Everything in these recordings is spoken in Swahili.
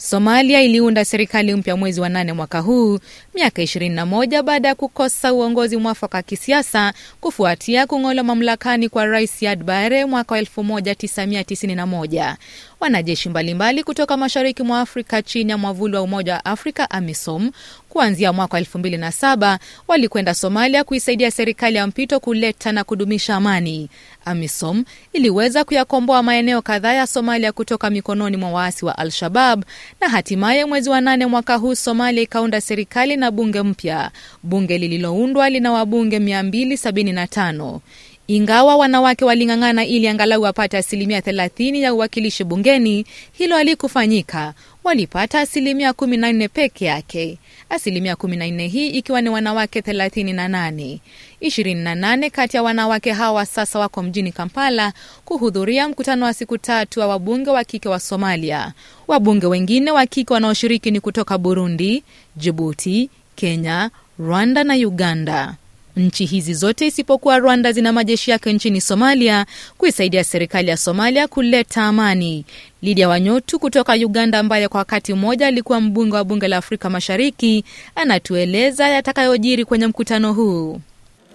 Somalia iliunda serikali mpya mwezi wa nane mwaka huu, miaka 21 baada ya kukosa uongozi mwafaka wa kisiasa kufuatia kung'olwa mamlakani kwa Rais yad bare mwaka wa 1991. Wanajeshi mbalimbali kutoka mashariki mwa Afrika chini ya mwavuli wa Umoja wa Afrika AMISOM Kuanzia mwaka 2007 walikwenda Somalia kuisaidia serikali ya mpito kuleta na kudumisha amani. AMISOM iliweza kuyakomboa maeneo kadhaa ya Somalia kutoka mikononi mwa waasi wa Al-Shabab na hatimaye mwezi wa nane mwaka huu Somalia ikaunda serikali na bunge mpya. Bunge lililoundwa lina wabunge 275. Ingawa wanawake waling'ang'ana ili angalau wapate asilimia 30 ya uwakilishi bungeni, hilo halikufanyika. Walipata asilimia 14 peke yake, asilimia 14 hii ikiwa ni wanawake 38. 28 kati ya wanawake hawa sasa wako mjini Kampala kuhudhuria mkutano wa siku tatu wa wabunge wa kike wa Somalia. Wabunge wengine wa kike wanaoshiriki ni kutoka Burundi, Jibuti, Kenya, Rwanda na Uganda. Nchi hizi zote isipokuwa Rwanda zina majeshi yake nchini Somalia kuisaidia serikali ya Somalia kuleta amani. Lidia Wanyotu kutoka Uganda, ambaye kwa wakati mmoja alikuwa mbunge wa bunge la Afrika Mashariki, anatueleza yatakayojiri kwenye mkutano huu.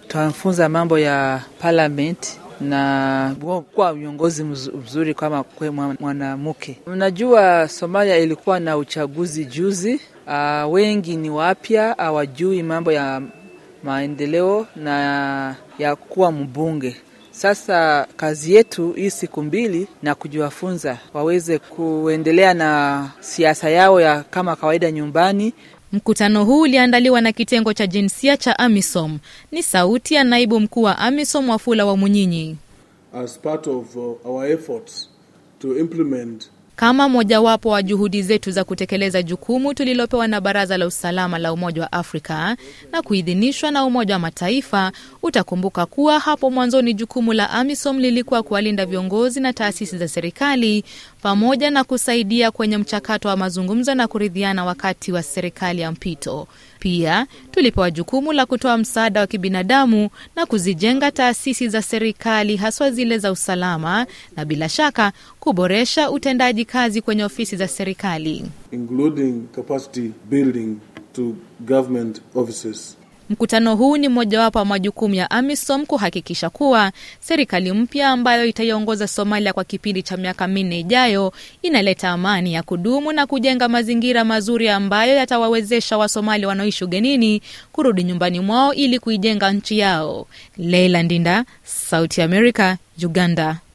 Tunafunza mambo ya parliament na kuwa viongozi mzuri kama mwanamke. Mnajua Somalia ilikuwa na uchaguzi juzi. Uh, wengi ni wapya hawajui mambo ya maendeleo na ya kuwa mbunge. Sasa kazi yetu hii siku mbili na kujiwafunza waweze kuendelea na siasa yao ya kama kawaida nyumbani. Mkutano huu uliandaliwa na kitengo cha jinsia cha AMISOM. Ni sauti ya naibu mkuu wa AMISOM Wafula wa Munyinyi. As part of uh, our efforts to implement kama mojawapo wa juhudi zetu za kutekeleza jukumu tulilopewa na Baraza la Usalama la Umoja wa Afrika na kuidhinishwa na Umoja wa Mataifa. Utakumbuka kuwa hapo mwanzoni jukumu la AMISOM lilikuwa kuwalinda viongozi na taasisi za serikali pamoja na kusaidia kwenye mchakato wa mazungumzo na kuridhiana wakati wa serikali ya mpito. Pia tulipewa jukumu la kutoa msaada wa kibinadamu na kuzijenga taasisi za serikali, haswa zile za usalama, na bila shaka kuboresha utendaji kazi kwenye ofisi za serikali. Mkutano huu ni mojawapo wa majukumu ya AMISOM kuhakikisha kuwa serikali mpya ambayo itaiongoza Somalia kwa kipindi cha miaka minne ijayo inaleta amani ya kudumu na kujenga mazingira mazuri ambayo yatawawezesha Wasomali wanaoishi ugenini kurudi nyumbani mwao ili kuijenga nchi yao. Leila Ndinda, Sauti ya Amerika, Uganda.